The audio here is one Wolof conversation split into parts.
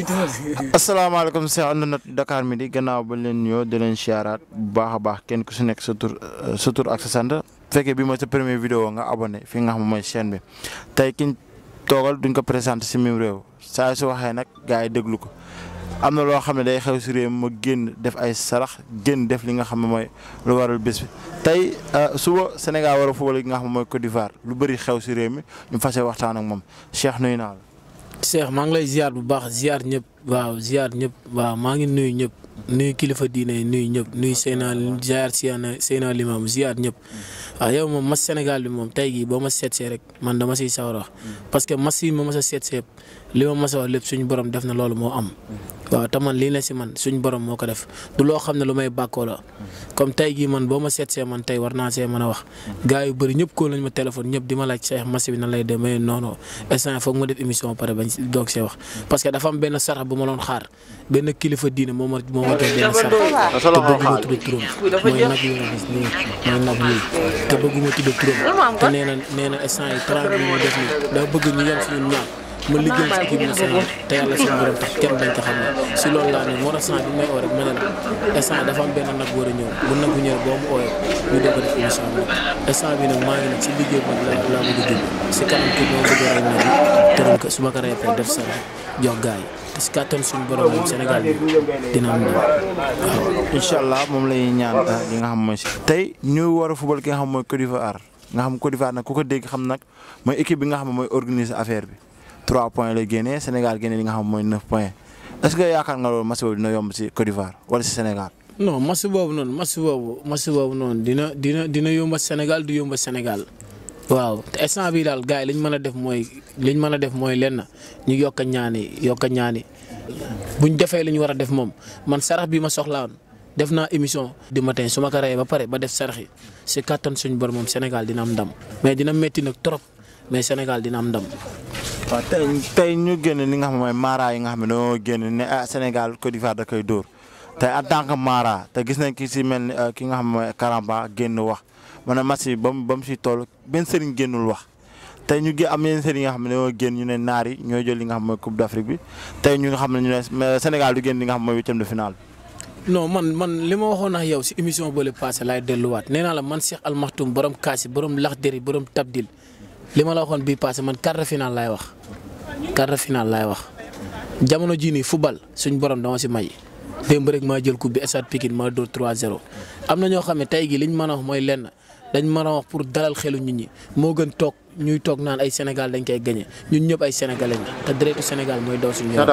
asalaamaaleykum si ànd na mi di gannaaw ba leen nuyoo di leen siyaaraat bu baax a baax kenn ku si nekk sa tur euh, sa ak sa sant fekkee bi mooy sa première vidéo nga abonné fii nga xam mooy chaîne bi tey kiñ toogal duñ ko présenté si même réew saa su waxee nag gaa yi déglu ko am na loo xam ne day xew si réew ma génn def ay sarax génn def li nga xam ne mooy lu waral bés bi tey euh, suba Sénégal war a football li nga xam mooy Côte d'Ivoire lu bëri xew si réew mi ñu fas waxtaan ak moom Cheikh nuyu naa Cheikh maa ngi lay ziar bu baax ziar ñëpp. waaw ziar ñëpp waaw maa ngi nuyu ñëpp nuyu kilifa diine yi nuyu ñëpp nuyu Seyna ziar Seyna Seyna Limaamu ziar ñëpp mm. waaw yow moom mas Sénégal bi moom tey gii boo ma seetsee rek man dama siy sawar wax mm. parce que mas yi ma mas a seetsee li ma a lépp suñu borom def na loolu moo am mm. waaw te man lii ne si man suñu borom moo ko def loo xam ne lu may bàkkoo la comme tey jii man boo ma seetsee man tey war naa see mën a wax gars yu bëri ñëpp koo lañ ma téléphone ñëpp di ma laaj Cheikh mas bi nan lay demee non non instant foog ma def émission pare bañ doog see wax bu ma doon xaar benn kilifa diine moo ma moo ma jox benn sànq te bëgguma tudd turam mooy nag yu mooy nag yi te bëgguma tudd turam te nee na nee na instant yi bi mu def nii daa bëgg ñu yem suñu ñaan ma liggéey ci équipe nationale te yàlla dañ ko si loolu laa ne moo tax instant bi may oo ma ne la instant dafa am benn nag war a ñëw bu nag bu ñëwee boo mu ooyee ñu doog def émission bi instant nag maa ngi nag si liggéey bi la laa bëgg a jëm si kanam kii moo bëgg a nag yi su ma ko reyee def sarax jox ci kàttan suñu borom moom Sénégal bi dina moom lay ñuy ñaan ah, nga xam mooy si. tey ñu war a fubal ki nga xam mooy Côte d'Ivoire nga xam Côte d'Ivoire nag ko ko dégg xam nag mooy équipe bi nga xam mooy organiser affaire bi 3 points lay génne Sénégal génne li nga xam mooy 9 points est-ce que yaakaar nga loolu match boobu dina yomb si Côte d'Ivoire wala si Sénégal. non match boobu noonu match boobu match boobu noonu dina dina dina yomba Sénégal du yomba Sénégal. waaw instant bii daal gars yi liñ mën a def mooy liñ mën a def mooy lenn ñu yokk a ñaani yokk a ñaani buñ defee li ñu war a def moom man sarax bi ma soxlaan def naa émission du matin su ma ko reyee ba pare ba def sarax si kattan suñu bor moom Sénégal dina am ndam mais dina métti nag trop mais Sénégal dina am ndam. waaw tey ñu génn ni nga xam mooy mara yi nga xam ne dañoo génn ne ah, Sénégal Côte d'Ivoire da koy dóor tey en tant que mara te gis nañ ki si mel euh, ki nga xam mooy Karamba génn wax. ma ne match bi ba mu ba mu si toll benn sëriñ génnul wax tey ñu am yeneen sëriñ yi nga xam ne dañoo génn ñu ne naar yi ñooy jël li nga xam mooy coupe d'Afrique bi tey ñu nga xam ne ñu ne Sénégal du génn li nga xam mooy huitième de finale bi. non man man li ma waxoon ak yow si émission bële passé laay delluwaat nee naa la man Cheikh Al Maktoum borom kaasi borom laxderi borom tabdil li ma la waxoon bii passé man quart de finale laay wax quart de finale laay wax jamono jii nii football suñ borom dama si may. démb rek maa jël coupe bi stade Pikine maa dóor 3 dañ mën a wax pour dalal xelu nit ñi moo gën toog ñuy toog naan ay Sénégal dañ koy gagné ñun ñëpp ay sénégalais ñu te deretu Sénégal mooy daw suñu yoon.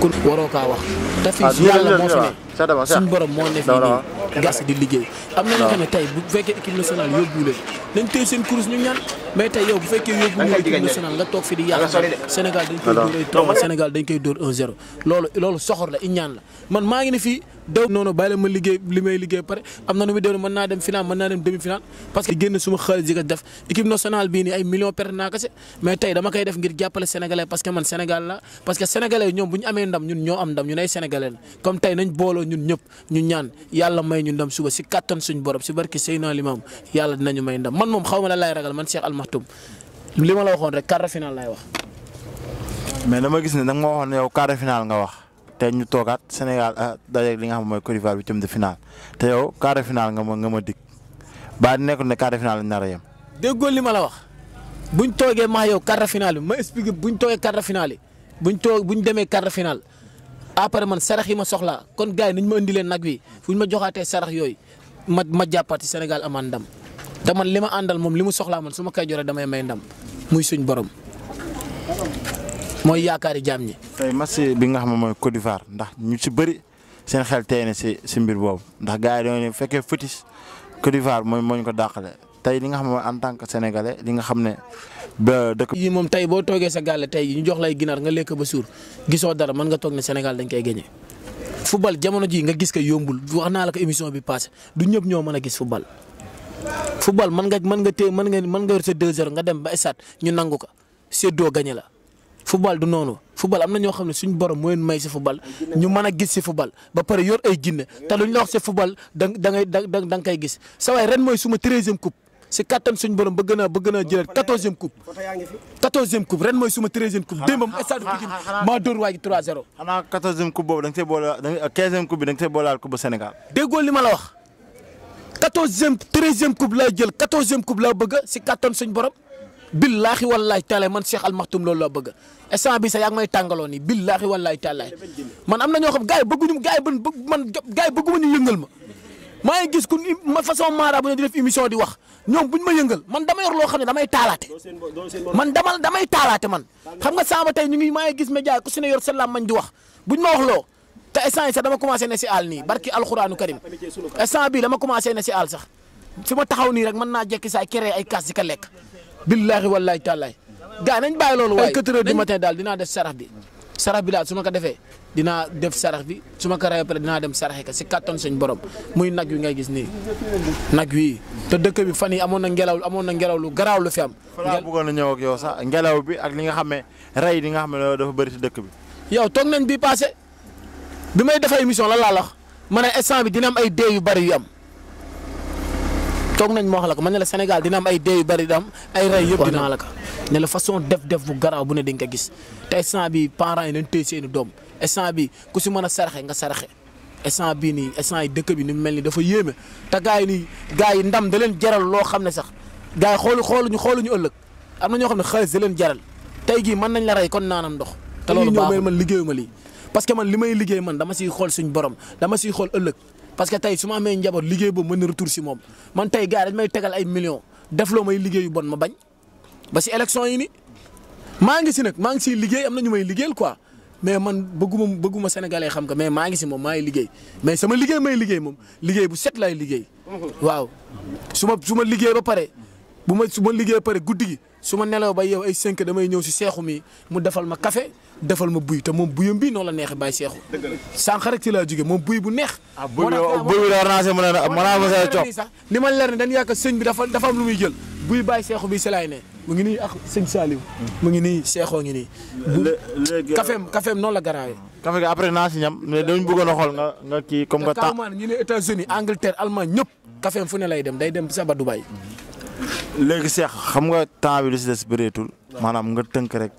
kon waroo kaa wax. te fii ah, yàlla moo fi ne suñu borom moo ne fii nii gas di liggéey. am na ñoo xam ne tey bu fekkee équipe nationale yóbbu leen nañ téye seen kurus ñu ñaan mais tey yow bu fekkee yóbbu leen équipe nationale nga toog fi di yàq Sénégal dañ koy dóor ay Sénégal dañ koy dóor 1-0 loolu loolu soxor la i ñaan la man maa ngi ne fii daw noonu bàyyi la ma liggéey li may liggéey pare am na nu muy demee mën naa dem final mën naa dem demi final parce que génn suma xaalis yi ko def équipe nationale bii nii ay millions perte naa ko si mais tey dama koy def ngir jàppale sénégalais parce que man sénégal la parce que sénégalais ñoom bu ñu amee ndam ñun ñoo am ndam ñun ay sénégalais la comme tey nañ booloo ñu ñëpp ñu ñaan yàlla may ñu ndam suba si kàttan suñ borom si barki Seydina Limam yàlla dinañu may ndam man moom xaw ma la ragal man Cheikh Al li ma la waxoon rek quart de finale wax mais dama gis ne da nga ma waxoon yow quart nga wax te ñu toogaat Sénégal a ah, dajeeg li nga xam mooy Côte d'Ivoire huitième de finale te yow quart de nga ma nga ma dig ba nekkul ne quart de finale lañ nar déggoo li ma la wax bu ñu toogee maa yow quart de finale bi ma expliqué buñ toogee quart de finale yi buñ toog buñ demee quart de finale après man sarax yi ma soxla kon gars yi nañ ma indi leen nag wi fu fuñ ma joxaatee sarax yooyu ma ma jàppaati Sénégal amaan ndam te man li ma àndal moom li mu soxlaa man su ma koy joree damay may ndam muy suñ borom. mooy yaakaari jaam ñi. tey match bi nga xam ne mooy Côte d'Ivoire ndax ñu ci bëri seen xel tey na si si mbir boobu ndax gars yi dañoo ne bu fekkee fétis Côte d'Ivoire mooy moo ko dàqale tey li nga xam ne dëkk. yii moom tey boo toogee sa gàll tey ñu jox lay ginaar nga lekk ba suur gisoo dara mën nga toog ne Sénégal dañ koy gagné. football jamono ji nga gis ka yombul wax naa la ko émission bi passé du ñëpp ñoo mën a gis football. football mën nga mën nga téye mën nga mën nga yor sa deux heures football du noonu football am na ñoo xam ne suñu borom moo leen may si football ñu mën a gis si football ba pare yor ay jinne te luñ la wax si football da da gis sa waay mooy suma treizième coupe si kattan suñu borom bëgg naa bëgg naa jëlaat quatorzième coupe boobu da nga see boole quinzième coupe bi da nga ma la wax quatorzième treizième coupe laa jël quatorzième coupe laa bëgg si kattan suñu borom billaahi wallaahi taalaay man Cheikh Al Maktoum loolu laa bëgg instant bi sax yaa ngi may tàngaloo nii billaahi wallaahi taalaay man am na ñoo xam gars yi bëgguñu gars yi man man gars bëgguma ñu yëngal ma. gis ku ma façon mara bu ne di def di wax ñoom buñ ma yëngal man dama yor loo xam ne damay taalaate. man dama damay taalaate man. xam nga sama tey ñu ngi maa ngi gis média ku si ne yor seen di wax buñ ma wax loo. te instant yi sax dama commencé ne si àll nii barki alxuraanu karim instant bii dama commencé ne si àll sax fi ma taxaw nii rek mën naa jekki saay créer ay kaas di ko lekk billaahi wallaahi tàllaay. gaa nañ bàyyi loolu waaye ay 4 heures du daal dinaa def sarax bi. sarax bi daal su ma ko defee dinaa def sarax bi su ma ko rayee pare dinaa dem saraxe si kattan suñ borom muy nag wi ngay gis nii nag wi te dëkk bi fan yi amoon na ngelaw amoon na ngelaw lu garaaw lu fi am. ngelaw bëggoon a ñëw ak yow sax ngelaw bi ak li nga xam ne rey li nga xam ne dafa bëri si dëkk bi. yow toog nañ bi passé bi may defee émission lan la wax ma ne instant bi dina am ay dee yu bëri am. toog nañ ma wax la ko man ne la Sénégal dina am ay dee yu bëri dina am ay rey yëpp dina la ko ne la façon def-def bu garaaw bu ne di ko gis te instant bi parents yi nañ téye seeni doom instant bi ku si mën a saraxe nga saraxe instant bii nii instant yi dëkk bi ni mel ni dafa yéeme te gars yi nii gars i ndam da leen jaral loo xam ne sax gars yi xoolu xool ñu ëllëg am na ñoo xam ne xaalis da leen jaral tey jii mën nañ la rey kon naanam ndox te loolu baaxul man liggéeyuma lii parce que man li ma liggéey man dama siy xool suñ borom dama siy xool ëllëg parce que tey su amee njaboot liggéey boobu mën na retour si moom man tey gars may tegal ay millions def may liggéey yu bon ma bañ ba si élection yi ni maa ngi si nag maa ngi siy liggéey am na ñu may liggéeyal quoi mais man bëgguma bëgguma sénégalais xam ko mais maa ngi si moom maay liggéey mais sama liggéey may liggéey moom liggéey bu set laay liggéey waaw su ma su ma liggéey ba pare bu ma su ma liggéey ba pare guddi gi su ma nelaw ba yow ay 5 damay ñëw si seexu mi mu defal ma kafe defal ma buy te moom buyam bii noonu la neexee bàyyi seexu sànq rek ci laa jóge buy bu neex a ah, bi la rancé mën a mën a mos ma leer ne dañ yàgg sëñ bi dafa dafa am lu muy jël buy bàyyi seexu bi si laay ne mu ngi nii ak sëñ Saliou hmm. mu ngi nii seexoo ngi nii kafeem kafeem noonu la garaawee café gi après naa si ñam mais dañ bugg a xool nga nga kii comme nga ta ñu ne États-Unis Angleterre Allemagne ñëpp kafeem fu ne lay dem day dem saba Dubaï léegi seex xam nga temps bi lu si des bëreetul maanaam nga tënk rek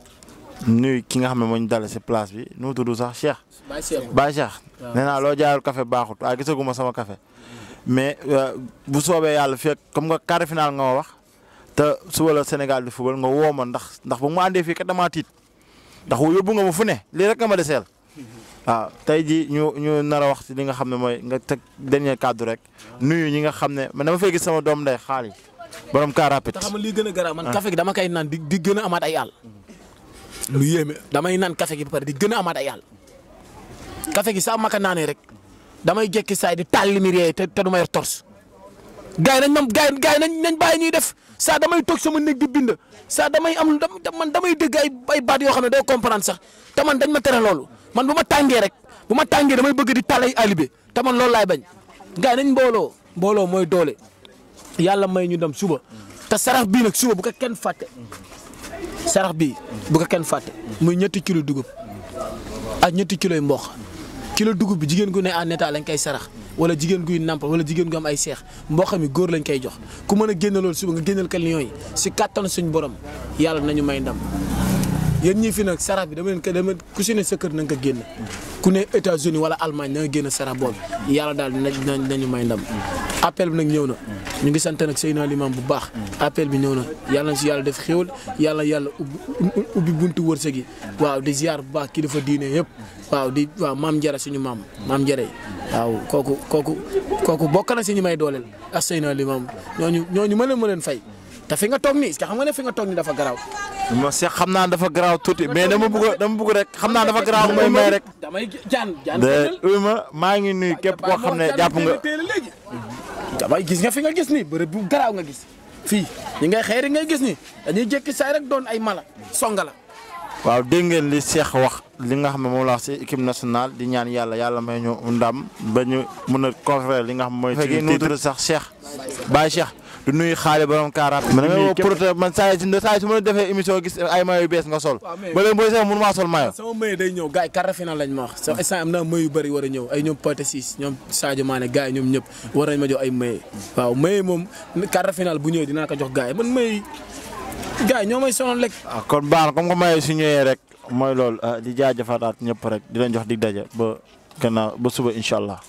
nuyu ki nga xam ne moo ñu dale si place bi nu mu tudd sax Cheikh. Baye Cheikh Baye Cheikh. nee naa loo jaayul café baaxut waaye gisaguma sama café mais euh, bu soobee yàlla fekk comme nga quart final nga ma wax te suba la di football nga woo ma ndax ndax bu ma àndee fii kat damaa tiit ndax yóbbu nga ma fu ne lii rek nga ma deseel. waaw tey jii ñu ñu nar a wax ci li nga xam ne mooy nga teg dernier kàddu rek nuyu ñi nga xam ne man dama fay sama doom day xaal yi borom car rapide. te xam lii gën a garaaw man café gi dama koy naan di gën a amaat ay àll. lu yéeme damay naan café gi ba pare di gën a amaat ay àll gi saa maka ko naanee rek damay jekki saa di taal li muy réer te te du ma yor torse gars yi nañ ma nañ nañ bàyyi ñuy def saa damay toog sama néeg di bind saa damay am man damay dégg ay ay baat yoo xam ne doo comprendre sax te man dañ ma tere loolu man bu ma tàngee rek bu ma tàngee damay bëgg di taal ay alibi te man loolu laay bañ gars yi nañ mbooloo mbooloo mooy doole yàlla may ñu dem suba te sarax bii suba bu ko kenn fàtte. sarax bi bu ko kenn fàtte muy ñetti kilo dugub ak ñetti kiloy mboq kilo dugub bi jigéen gu ne en état lañ koy sarax wala jigéen guy namp wala jigéen gu am ay seex mboq mi góor lañ koy jox ku mën a génne loolu suba nga si kattan suñ borom yàlla nañu may ndam yéen ñii fi nag sarax bi dama ko dama ku si ne sa kër na ko génn ku ne états uni wala Allemagne na nga génn sarax boobu yàlla daal dinañu may ndam. appel bi nag ñëw na ñu ngi sant nag Seydina Limam bu baax appel bi ñëw na yàlla na si yàlla def xéwal yàlla yàlla ubbi buntu wërsëg waaw di ziar bu baax kilifa diine yëpp waaw di waaw maam Njara suñu maam maam Njara yi waaw kooku kooku kooku bokk na si ñu may dooleel ak Seydina Limam ñooñu ñooñu ma leen ma leen fay te fi nga toog nii xam nga ne fi nga toog nii dafa garaaw. ma seex xam naa dafa garaaw tuuti mais dama bëgg dama bëgg rek xam may rek. ma maa ngi nuyu képp koo xam ne jàpp nga. damay gis nga fi nga gis ni bërëb bu garaaw nga gis fii ñi ngay xëy rek ngay gis ni dañuy jëkk saay rek doon ay mala songa la waaw dégg ngeen li Cheikh wax li nga xam ne moom la wax si équipe nationale di ñaan yàlla yàlla may ñu ndam ba ñu mën a conférer li nga xam mooy. ci titre sax Cheikh Baye Cheikh. du nuyu xaale borom kaaraab. man da ngay man saa yi ma defee émission gis ay mayo yu bees nga sol. waaw mais ba léegi booy sax mënu maa sol mayo. sama mayo day ñëw ma wax. sama yu bëri war a ñëw ay ñoom Pathé Ciss ñoom Sadio Mané gars yi ñoom ñëpp war ma jox ay mayo. waaw mayo moom quart de bu ñëwee dinaa ko jox gars man mayo gars yi ñoo may sonal lekk. ah kon baax na comme que mayo ñëwee rek mooy lool ah, di jaajëfalaat ñëpp rek di leen jox di daje ba gannaaw ba suba incha allah